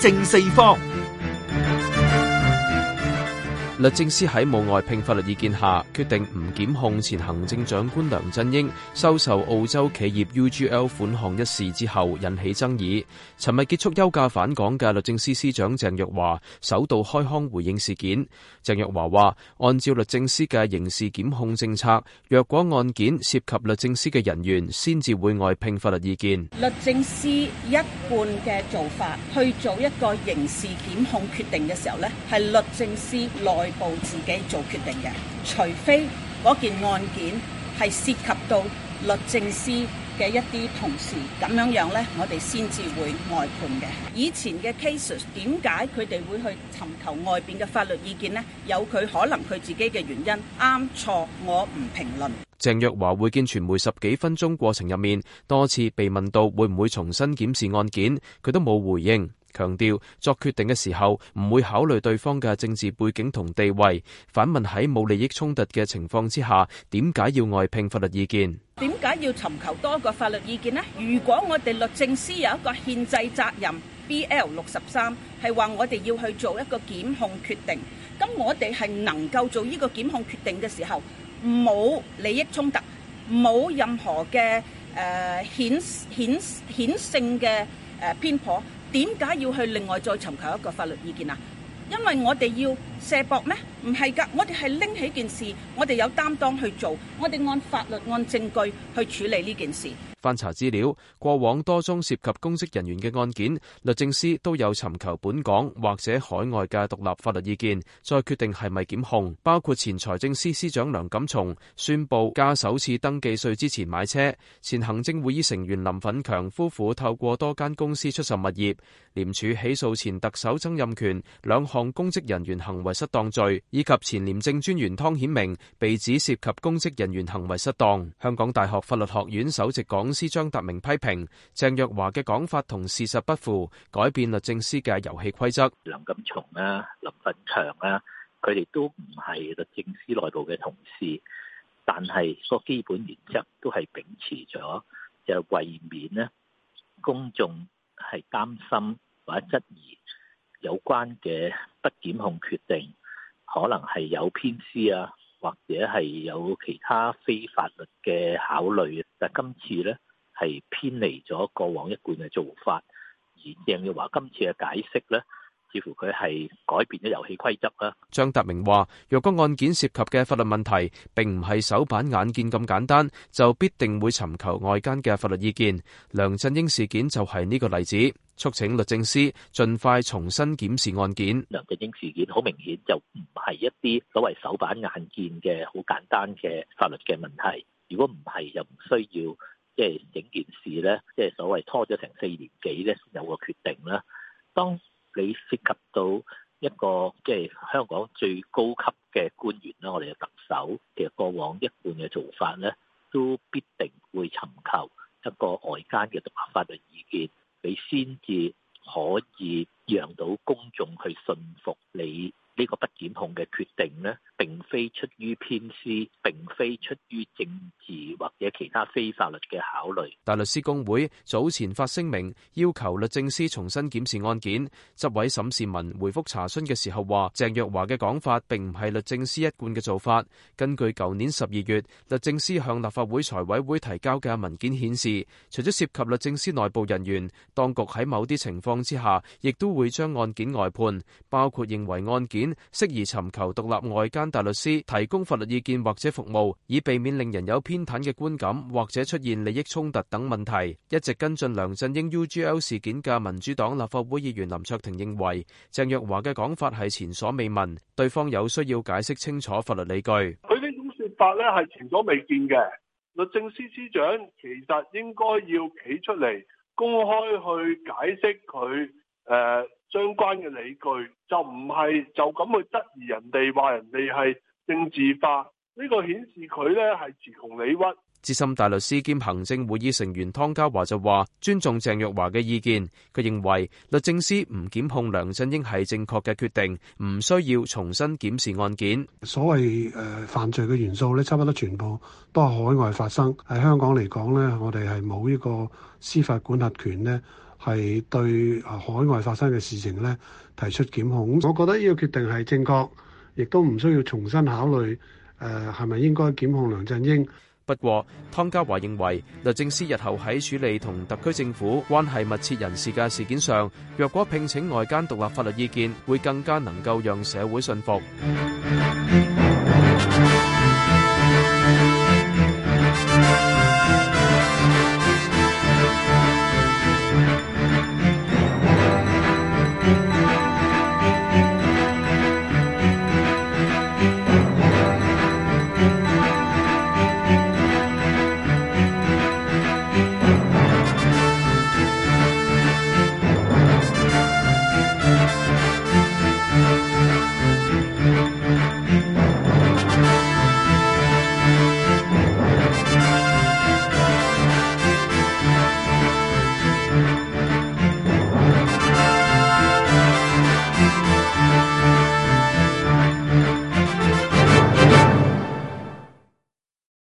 正四方。律政司喺冇外聘法律意見下，決定唔檢控前行政長官梁振英收受澳洲企業 UGL 款項一事之後引起爭議，尋日結束休假返港嘅律政司司長鄭若驊首度開腔回應事件。鄭若驊話按照律政司嘅刑事檢控政策，若果案件涉及律政司嘅人員先至會外聘法律意見。律政司一半嘅做法去做一個刑事檢控決定嘅時候咧，係律政司內。部自己做決定嘅，除非嗰件案件係涉及到律政司嘅一啲同事咁樣樣呢，我哋先至會外判嘅。以前嘅 case，點解佢哋會去尋求外邊嘅法律意見呢？有佢可能佢自己嘅原因，啱錯我唔評論。鄭若驊會見傳媒十幾分鐘過程入面，多次被問到會唔會重新檢視案件，佢都冇回應。強調作決定嘅時候唔會考慮對方嘅政治背景同地位。反問喺冇利益衝突嘅情況之下，點解要外聘法律意見？點解要尋求多個法律意見呢？如果我哋律政司有一個憲制責任 （B.L. 六十三）係話我哋要去做一個檢控決定，咁我哋係能夠做呢個檢控決定嘅時候，冇利益衝突，冇任何嘅誒顯顯顯性嘅誒偏頗。點解要去另外再尋求一個法律意見啊？因為我哋要卸膊咩？唔係噶。我哋係拎起件事，我哋有擔當去做，我哋按法律、按證據去處理呢件事。翻查資料，過往多宗涉及公職人員嘅案件，律政司都有尋求本港或者海外嘅獨立法律意見，再決定係咪檢控。包括前財政司司長梁錦松宣布加首次登記稅之前買車，前行政會議成員林奮強夫婦透過多間公司出售物業，廉署起訴前特首曾蔭權兩項公職人員行為失當罪，以及前廉政專員湯顯明被指涉及公職人員行為失當。香港大學法律學院首席講。公司張達明批評鄭若驊嘅講法同事實不符，改變律政司嘅遊戲規則。林錦松啊，林奮強啊，佢哋都唔係律政司內部嘅同事，但係個基本原則都係秉持咗，就為免呢公眾係擔心或者質疑有關嘅不檢控決定可能係有偏私啊。或者係有其他非法律嘅考慮，但係今次咧係偏離咗過往一貫嘅做法，而鄭嘅話，今次嘅解釋咧。似乎佢係改變咗遊戲規則啦。張達明話，若果案件涉及嘅法律問題，並唔係手板眼見咁簡單，就必定會尋求外間嘅法律意見。梁振英事件就係呢個例子，促請律政司盡快重新檢視案件。梁振英事件好明顯就唔係一啲所謂手板眼見嘅好簡單嘅法律嘅問題。如果唔係，又唔需要即係整件事咧，即係所謂拖咗成四年幾咧，先有個決定啦。當你涉及到一個即係香港最高級嘅官員啦，我哋嘅特首其實過往一貫嘅做法咧，都必定會尋求一個外間嘅獨立法律意見，你先至可以讓到公眾去信服你呢個不檢控嘅決定咧，並非出於偏私，並非出於政治或者其他非法律嘅考慮。大律師公會早前發聲明要求律政司重新檢視案件。執委沈士民回覆查詢嘅時候話，鄭若驊嘅講法並唔係律政司一貫嘅做法。根據舊年十二月律政司向立法會財委會提交嘅文件顯示，除咗涉及律政司內部人員，當局喺某啲情況之下，亦都會將案件外判，包括認為案件適宜尋求獨立外間大律師提供法律意見或者服務，以避免令人有偏袒嘅觀感或者出現利益衝突等問題。一直跟進梁振英 UGL 事件嘅民主黨立法會議員林卓廷認為，鄭若驊嘅講法係前所未聞，對方有需要解釋清楚法律理據。佢呢種說法呢係前所未見嘅，律政司司長其實應該要企出嚟公開去解釋佢誒。相關嘅理據就唔係就咁去質疑人哋，話人哋係政治化，呢、這個顯示佢咧係自窮理屈。資深大律師兼行政會議成員湯家驊就話：，尊重鄭若驊嘅意見，佢認為律政司唔檢控梁振英係正確嘅決定，唔需要重新檢視案件。所謂誒犯罪嘅元素咧，差唔多全部都係海外發生，喺香港嚟講呢，我哋係冇呢個司法管轄權咧。係對海外發生嘅事情呢，提出檢控，我覺得呢個決定係正確，亦都唔需要重新考慮誒係咪應該檢控梁振英。不過，湯家驊認為律政司日後喺處理同特區政府關係密切人士嘅事件上，若果聘請外間獨立法律意見，會更加能夠讓社會信服。